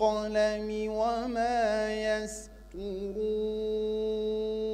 والقلم وما يسطرون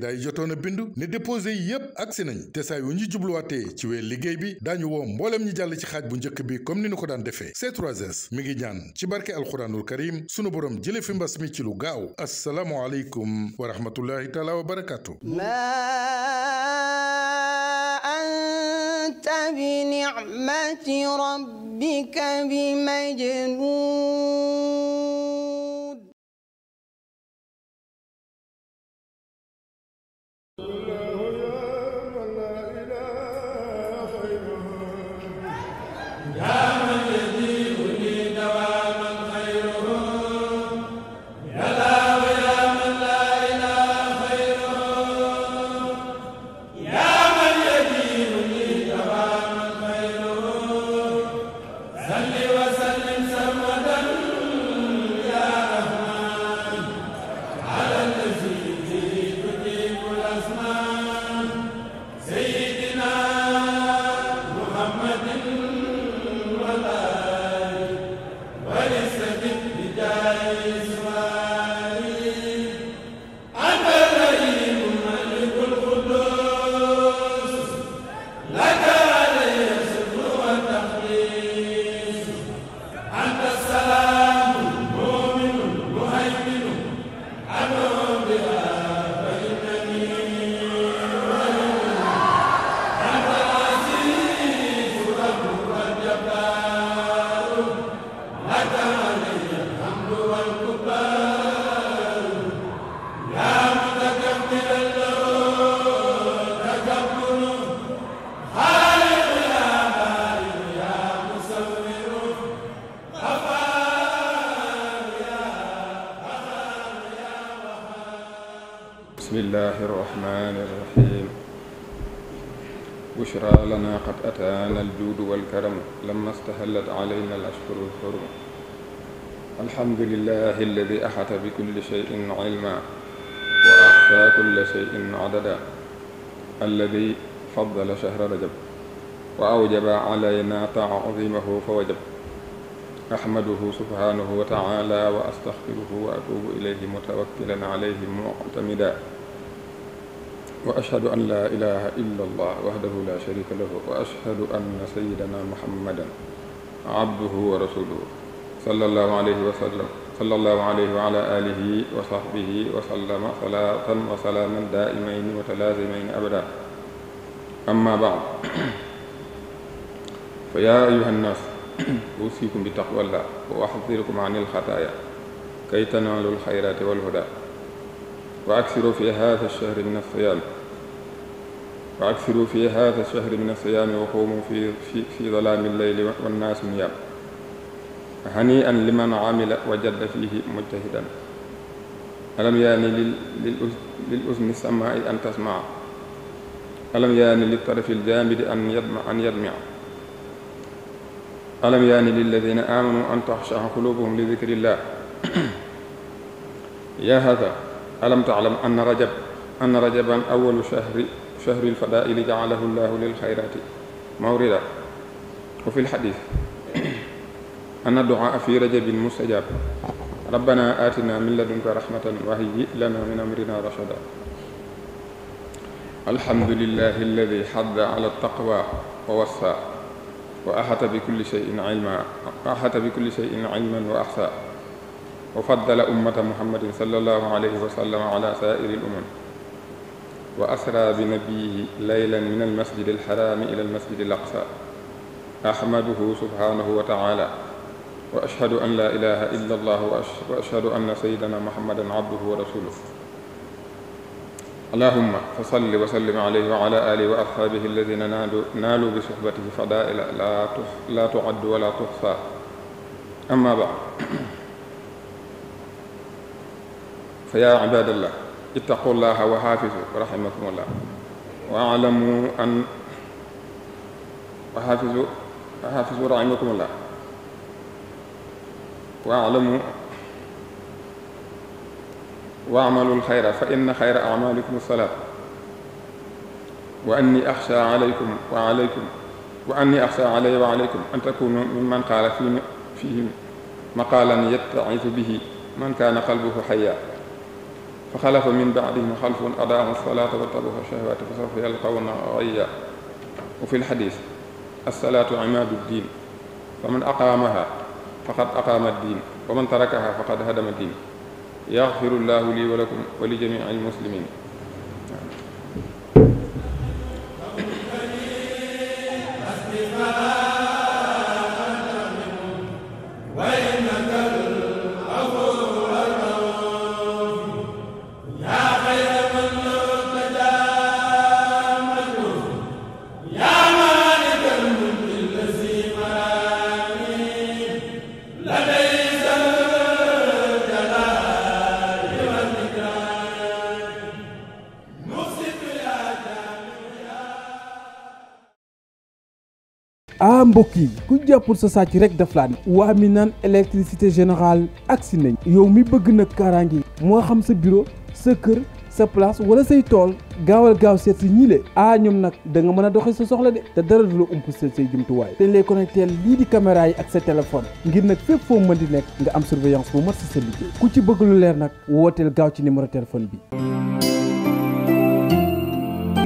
candidat yi jotoon a bindu ne déposé yi yépp agsi nañu te saa ñu jubluwaatee ci weer liggéey bi daañu woo mbooleem ñi jàll ci xaaj bu njëkk bi comme ni ñu ko daan defee C3S mi ngi ñaan ci barke alxuraanul karim sunu borom jële fi mbas mi ci lu gaaw assalaamu aleykum wa rahmatullahi taala wa barakaatu anta bi ni'mati rabbika bi majnun الرحمن الرحيم بشرى لنا قد أتانا الجود والكرم لما استهلت علينا الأشهر الحرم الحمد لله الذي أحط بكل شيء علما وأحصى كل شيء عددا الذي فضل شهر رجب وأوجب علينا تعظيمه فوجب أحمده سبحانه وتعالى وأستغفره وأتوب إليه متوكلا عليه معتمدا wa ashhadu an laa ilaha illa allah wahdahu la sharika lahu wa ashhadu anna sayidana muhammadan abduhu wa rasuluhu sallallahu alayhi wa sallam sallallahu alayhi wa ala alihi wa sahbihi wa sallama salatan wa salaaman daa'imayni wa talaazimayni abada amma ba'd fa yaa ayuha nnaas usikum bi taqwallah wa axdirkum an ilxataaya kay tanaalul xayraati walhuda wa aksiru fi haadha ash-shahri min as-siyaam wa aksiru fi haadha ash-shahri min as-siyaami wa quumu fi fi dalaami al-layli wan-naasu niyaam hanii'an liman amila wa jadda fiihi mujtahidan alam yaani lil uzni samaa'i an tasmaa alam yaani lit tarafi al-jaamidi an yadma an yadmia alam yaani lilladina aamanu an taxshaa quluubuhum li dikri llah yaa haaza alam taalam anna rajab anna rajaban awalu shahri shahri alfadaili jaalahu llahu lilxayrati mawrida wa fi lxadis anna duaa fi rajabin mustajab rabbana atina min ladunka rahmatan wa hayyi lana min amrina rashada alhamdulillahi alladi xadda ala taqwa wa wassa wa axata bi kulli cheyin ilma axata bi kulli cheyin ilman wa axsa wa faddala ummata muhammadin sallallahu alayhi wa sallam ala saa'iri al-umam wa asra bi nabiyihi laylan min almasjid alxaraami ila almasjid alaqsa ahmaduhu subhanahu wa taala wa ashhadu an laa ilaha illa allah wa ashhadu anna sayidana muhammadan abduhu wa rasuluh allahumma fa salli wa sallim alayhi wa ala alihi wa ashaabihi alladina naalu bi suhbatihi fadaa'ila laa tu'addu wa laa tuhsaa amma ba'd fa yaa ibadallah ittaqullaha wa xaafisu raximakumullah wa alamu an wa xaafisu wa xaafisu raximakumullah wa alamu wa amalul xayra fa inna xayra amalikum salaat wa anni axsha alaykum wa alaykum wa anni axsha alay wa alaykum an takunu mimman qaala fii fii maqaalan yatta'izu bihi man kaana qalbuhu xayya fa xalafa min baadihim xalfun adaau salaata wa tabaxu shahawaati fa sawfa yalqawna gayya wa fi lxadis alsalaatu imaadu diin fa man aqaamaha faqad aqaama diin wa man tarakaha faqad hadama diin yaxfiru llahu lii wa lakum wa li jamici almuslimin ah mbokk yi ku jàppul sa sàcc rek daf laa ne waa mi naan électricité ak agsi nañ yow mi bëgg nag kaaraange moo xam sa bureau sa kër sa place wala say tool gaawal gaaw seet si ñii le ah ñoom nag danga mën a doxee sa soxla de te dara du la umpaseel say jumtuwaay te ñu lay connecté lii di caméra yi ak sa téléphone ngir nag fépp foo mën di nekk nga am surveillance bu mat si sa liggéey ku ci bëgg leer nag wooteel gaaw ci numéro téléphone bi.